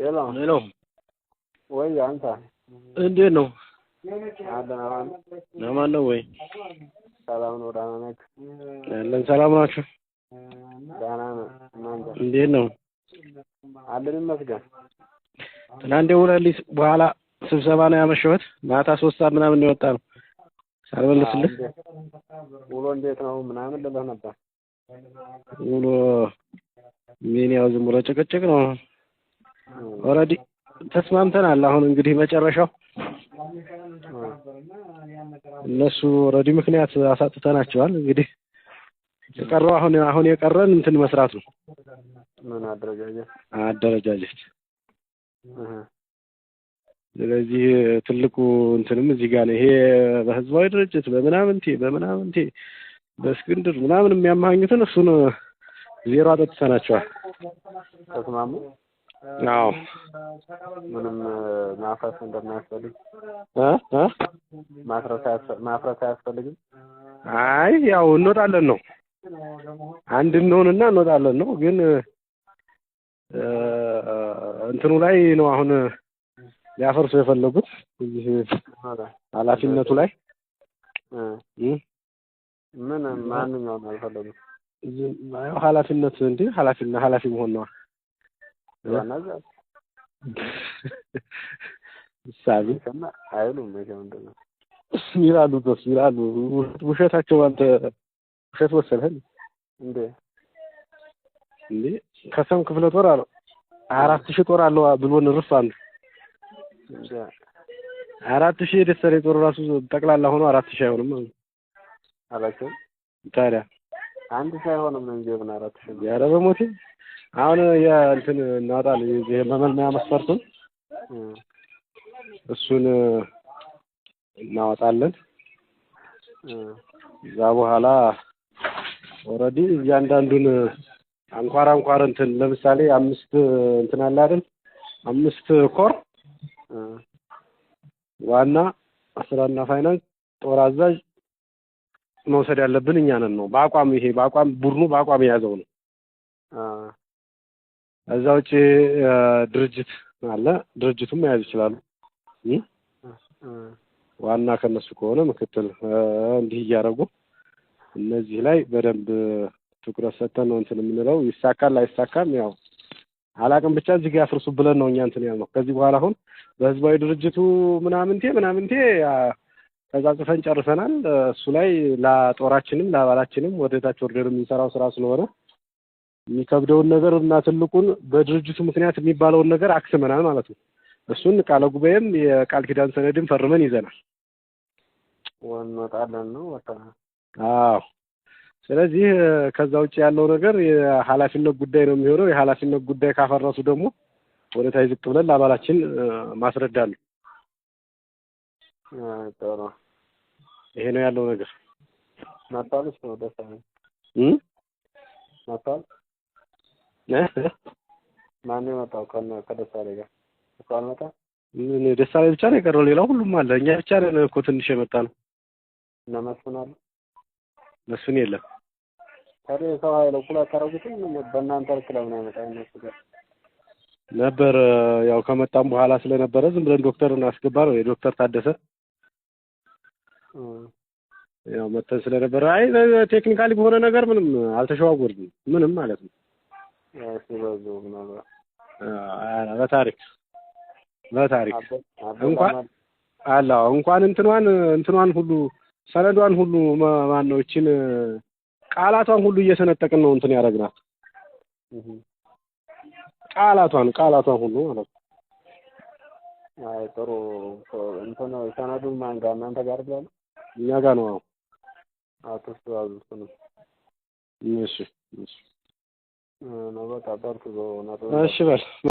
ሄሎ ሄሎ፣ ወይ አንተ እንዴት ነው? ነው ወይ? ሰላም ነው። ደህና ነህ? ያለን ሰላም ናችሁ? ደህና እንዴት ነው? አለን ይመስገን። ትናንት በኋላ ስብሰባ ነው ያመሸሁት። ማታ ሶስት ሰዓት ምናምን የወጣ ነው ሳልመልስልህ። ውሎ እንዴት ነው ምናምን ልልህ ነበር። ውሎ ምን ያው ዝም ብሎ ጭቅጭቅ ነው ኦልሬዲ ተስማምተናል። አሁን እንግዲህ መጨረሻው እነሱ ኦልሬዲ ምክንያት አሳጥተናቸዋል። እንግዲህ የቀረው አሁን አሁን የቀረን እንትን መስራት ነው። ምን አደረጃጀት አደረጃጀት። ስለዚህ ትልቁ እንትንም እዚህ ጋር ነው። ይሄ በህዝባዊ ድርጅት በምናምንቴ በምናምንቴ በእስክንድር ምናምን የሚያመሃኙትን እሱን ዜሮ አጠጥተናቸዋል። ተስማሙ። አዎ ምንም ማፍረስ እንደማያስፈልግ ማፍረስ አያስፈልግም። አይ ያው እንወጣለን ነው አንድ እንሆንና እንወጣለን ነው። ግን እንትኑ ላይ ነው አሁን ሊያፈርሱ የፈለጉት እዚህ ኃላፊነቱ ላይ ምን ማንኛውም አልፈለጉት ኃላፊነት እንዲህ ኃላፊና ኃላፊ መሆን ነዋ ይላሉ። ይላሉ። ውሸታቸው አንተ ውሸት እንዴ? እንዴ ከሰም ክፍለ ጦር አለው አራት ሺህ ጦር አለው ብሎን ርፍ አሉ። አራት ሺህ የደሰለ ጦር ራሱ ጠቅላላ ሆኖ አራት ሺህ አይሆንም አሉ አላቸው። ታዲያ አንድ ሺህ አይሆንም ነው እንጂ ምን አራት ሺህ ኧረ አሁን የእንትን እናወጣለን የዚህ መመልመያ መስፈርቱን እሱን እናወጣለን። ከዛ በኋላ ኦልሬዲ እያንዳንዱን አንኳር አንኳር እንትን ለምሳሌ አምስት እንትን አለ አይደል? አምስት ኮር ዋና ስራና ፋይናንስ፣ ጦር አዛዥ መውሰድ ያለብን እኛ ነን ነው። በአቋም ይሄ በአቋም ቡድኑ በአቋም የያዘው ነው። እዛ ውጪ ድርጅት አለ ድርጅቱን መያዝ ይችላሉ። ዋና ከነሱ ከሆነ ምክትል እንዲህ እያደረጉ እነዚህ ላይ በደንብ ትኩረት ሰጥተን ነው እንትን የምንለው። ይሳካል አይሳካም ያው አላቅም ብቻ እዚህ ጋር አፍርሱ ብለን ነው እኛ እንትን ያልነው። ከዚህ በኋላ አሁን በህዝባዊ ድርጅቱ ምናምንቴ ምናምንቴ ተጻጽፈን ጨርሰናል። እሱ ላይ ለጦራችንም ለአባላችንም ወደታች ወርደር የምንሰራው ስራ ስለሆነ የሚከብደውን ነገር እና ትልቁን በድርጅቱ ምክንያት የሚባለውን ነገር አክስመናል ማለት ነው። እሱን ቃለ ጉባኤም የቃል ኪዳን ሰነድን ፈርመን ይዘናል። ወንመጣለን ነው። አዎ። ስለዚህ ከዛ ውጭ ያለው ነገር የኃላፊነት ጉዳይ ነው የሚሆነው። የኃላፊነት ጉዳይ ካፈረሱ ደግሞ ወደ ታይ ዝቅ ብለን ለአባላችን ማስረዳሉ። ጥሩ። ይሄ ነው ያለው ነገር። መጥቷል ነው ወደ መጥቷል ማን የመጣው ከደሳሌ ጋር እኮ አልመጣም። ምን ደሳሌ ብቻ ነው የቀረው? ሌላው ሁሉም አለ። እኛ ብቻ ነን እኮ ትንሽ የመጣ ነው። እና መስፍን አለ? መስፍን የለም። ታዲያ የሰው ኃይል እኩል አታረጉትም? በእናንተ ልክ ለምን አይመጣ እነሱ ጋር ነበር። ያው ከመጣም በኋላ ስለነበረ ዝም ብለን ዶክተርን አስገባ ነው የዶክተር ታደሰ ያው መተን ስለነበረ አይ ቴክኒካሊ በሆነ ነገር ምንም አልተሸዋወርንም ምንም ማለት ነው። በታሪክ በታሪክ እንኳን እንኳን እንትኗን እንትኗን ሁሉ ሰነዷን ሁሉ ማን ነው ቃላቷን ሁሉ እየሰነጠቅን ነው እንትን ያደረግናት ቃላቷን ቃላቷን ሁሉ ማለት ነው። አይ ጥሩ እንትን ማን ጋር እናንተ ጋር እኛ ጋር ነው። ነው። እሺ እሺ ነው በቃ በርቱ። በእውነት እሺ በል